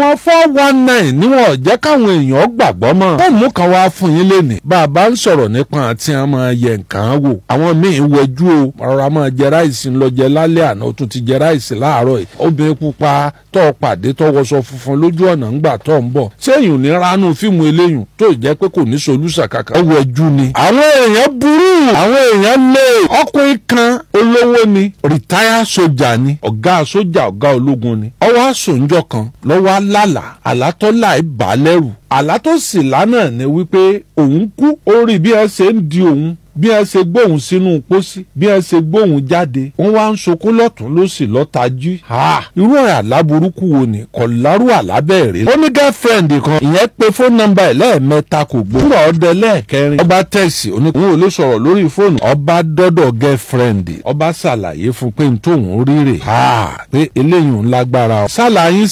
wọn four one nine níwọ̀n jẹ́ káwọn èèyàn gbàgbọ́ mọ́. fóònù kan wá fún yín lénìí. bàbá ń sọ̀rọ̀ nípa àti àmọ́ yẹ nǹkan wò. àwọn míì wẹjú o rárá máa jẹ ráìsì ń lọ jẹ lálẹ́ àná o tún ti jẹ ráìsì láàárọ̀ yìí. obìnrin pupa tó o pàdé tó wọṣọ funfun lójú ọ̀nà ńgbà tó ń bọ̀. sẹ́yìn ní ránú fíìmù eléyìn tó jẹ́ pé kò ní solúsà kàkà. ó wẹjú olówó ni rìtáyà sójà ni ọ̀gá sójà ọ̀gá ológun ni ọwọ́ àsòǹjọ kan lọ́wọ́ àlàlà àlátọ́là ìbàlẹ́rù àlátọ́sìlá náà ni wípé òun kú ó rí bí ẹ ṣe ń di òun bí ẹ ṣe gbóhùn sínú pósí bí ẹ ṣe gbóhùn jáde wọ́n wá ń sọkún lọ́tún lọ́sì lọ́tajú. irú ọ̀rọ̀ aláburúkú wo ni kò lárú àlábẹ́ẹ̀rẹ́. ó ní girlfriend kan ìyẹn pe fóònù nọ́mbà ẹ̀ lẹ́ẹ̀mẹ́ta kò gbó. kúrò ọdẹ lẹ́ẹ̀kẹrin ọba tẹ̀sí oníkùn ò lè sọ̀rọ̀ lórí fóònù. ọba dọ́dọ̀ girlfriend ọba ṣàlàyé fún pé n tóun ríre. pé eléyìí ń lágbára o. ṣàlàyé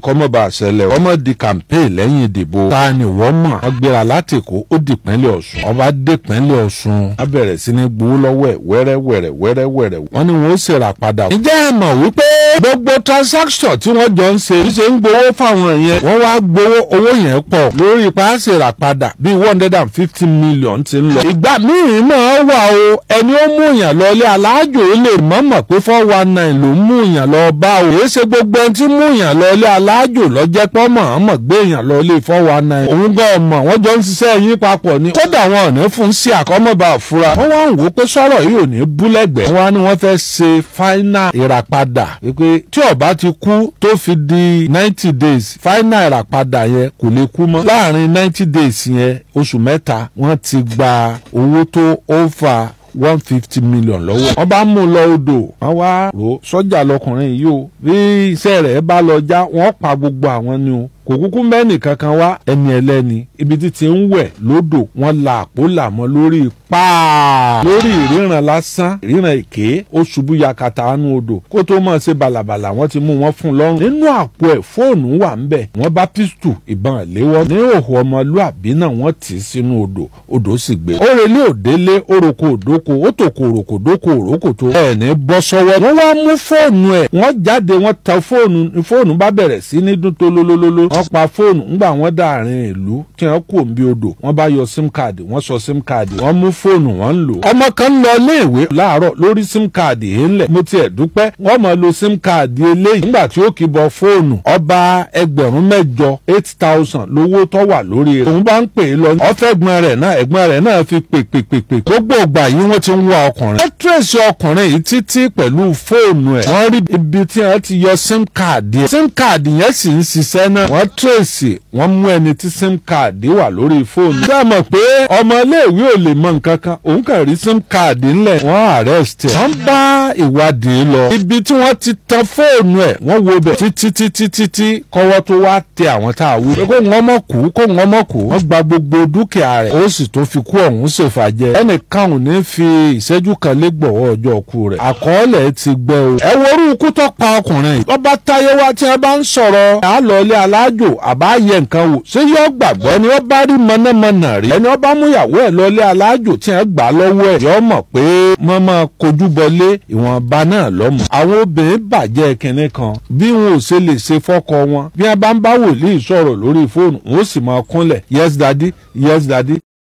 báyìí kọ́ mọ́ bá a ṣẹlẹ̀ ọmọ di campaign lẹ́yìn ìdìbò ta ni wọ́n mọ̀ wọ́n gbéra láti Èkó ó di pínlẹ̀ Ọ̀ṣun ọba dé pínlẹ̀ Ọ̀ṣun á bẹ̀rẹ̀ sí ní gbowó lọ́wọ́ ẹ̀ wẹ́rẹ́wẹ́rẹ́ wẹ́rẹ́wẹ́rẹ́ wọ́n ní wọ́n ó ṣèrà padà. ǹjẹ́ ẹ mọ̀ wípé gbogbo transaction tí wọ́n jọ ń ṣe ṣe ń gbowó fáwọn yẹn wọ́n wá gbowó owó yẹn pọ̀ lórí paṣẹ ràpadà bíi one hundred and fifty million ti ń lọ. ìgbà míì máa wà o ẹni ó mú yàn lọ ilé aláàjò lè mọ̀mọ̀ pé four one nine ló mú yàn lọ bá o. èyí ṣe gbogbo ẹni tí mú yàn lọ ilé aláàjò lọ́jẹ́ pọ́ mọ̀ọ́mọ̀ gbé yàn lọ ilé four one nine. òun gan ọmọ wọn jọ ń ṣiṣẹ́ yín papọ̀ ni. kódà wọn ò ní fún sí àkọ́mọba òfura. wọ́n wá ń wò ó pé sọ̀rọ̀ yìí ò ní búlẹ̀gbẹ̀. wọ́n á ní wọ́n fẹ́ ṣe fáínà ìràpadà wípé pé tí ọba ti kú tó fi di ninety days five naira padà yẹn kò lè kú mọ́ láàrin ninety days yẹn oṣù mẹ́ta wọ́n ti gba owó tó over one fifty million lọ́wọ́. wọ́n bá mú un lọ odò wọ́n wá rò sọ́jà lọkùnrin yìí o bí iṣẹ́ rẹ̀ bá lọ já wọ́n pa gbogbo àwọn ni o kò kúkú mẹ́nì kankan wá ẹni ẹlẹ́ni ibi títí ń wẹ̀ lódò wọ́n la àpò làmọ́ lórí páà lórí ìríran lásán ìríran èké ó ṣubú yakata anú odò kó tó mọ̀ ṣe balabala wọ́n ti mú wọn fún lọ́rùn nínú àpò ẹ̀ fóònù wà ń bẹ̀ wọ́n bá pistol ìbọn léwọ́ ní òhò ọmọlúàbí náà wọ́n tì í sínú odò odò sì gbé. ó relé òdélé oroko òdoko ó tòkò òròkò dóko òròkò tó. ẹ̀ ní bọ́ sọ́wọ́ wọ́n wá mú fóònù ẹ̀ wọ́n jáde wọ́n ta fóònù fóònù bá bẹ̀rẹ̀ sí ní dún tolólólóló wọ́n pa fóònù ńgbà wọ́n dàrin ìlú tí wọ́n kò ń bí odò wọ́n bá yọ sim card, wọ́n sọ sim káàdì wọ́n mú fóònù wọ́n ń lò. ọmọ kan lọ léèwé láàárọ̀ lórí sim card. yìí ńlẹ̀ mo tiẹ̀ dúpẹ́ wọ́n mọ̀ lo sim káàdì eléyìí nígbà tí ó kì bọ fóònù ọba ẹgbẹ̀rún mẹ́jọ eight thousand lówó tó wà lórí rẹ̀ òun bá ń pè é lọ ọ̀fẹ́gbọ́n rẹ̀ náà ẹ̀gbọ́n rẹ̀ náà fi pè pè pè pè gbogbo ìgbà yìí wọ́n ti ń wá ọkùnrin. ẹtírẹ̀sì ọkùnrin yìí títí pẹ̀lú fóònù ẹ̀ wọ́n rí ibi tí wọ́n ti yọ sim káàdì sim káàdì yẹn sì ń ṣiṣẹ́ náà wọ́n wọ́n tírèsì wọ́n mú ẹni tí sim card wà lórí fóònù. ṣé ẹ mọ̀ pé ọmọ iléèwé ò lè mọ nǹkan kan òun kàn rí sim card ńlẹ̀ wọ́n arrest ẹ̀. wọ́n bá ìwádìí lọ. ibi tí wọ́n ti tan fóònù ẹ̀ wọ́n wo bẹ̀ títí títí títí kọ́wọ́ tó wá tẹ àwọn tá a wú. pé kó wọn mọ̀ kú kó wọn mọ̀ kú. wọ́n gba gbogbo dúkìá rẹ̀ ó sì tó fi kú ọ̀hún ṣèfàjẹ́. ẹnìkan kan lé rọ́jò àbá yẹ nǹkan wò ṣé yóò gbàgbọ́ ni wọ́n bá rí mọ̀nàmọ́nà rí ẹni wọ́n bá mú ìyàwó ẹ̀ lọ́lé alájò tí wọ́n gbà lọ́wọ́ ẹ̀ yọ́ mọ̀ pé wọ́n máa kojú bọlé ìwọ̀nba náà lọ́mọ. àwọn obìnrin bàjẹ́ kinní kan bí wọn ò ṣe lè ṣe fọ́kọ wọn bí wọ́n bá ń bá wòlíì sọ̀rọ̀ lórí fóònù wọn ó sì máa kúnlẹ̀ yes daddy yes daddy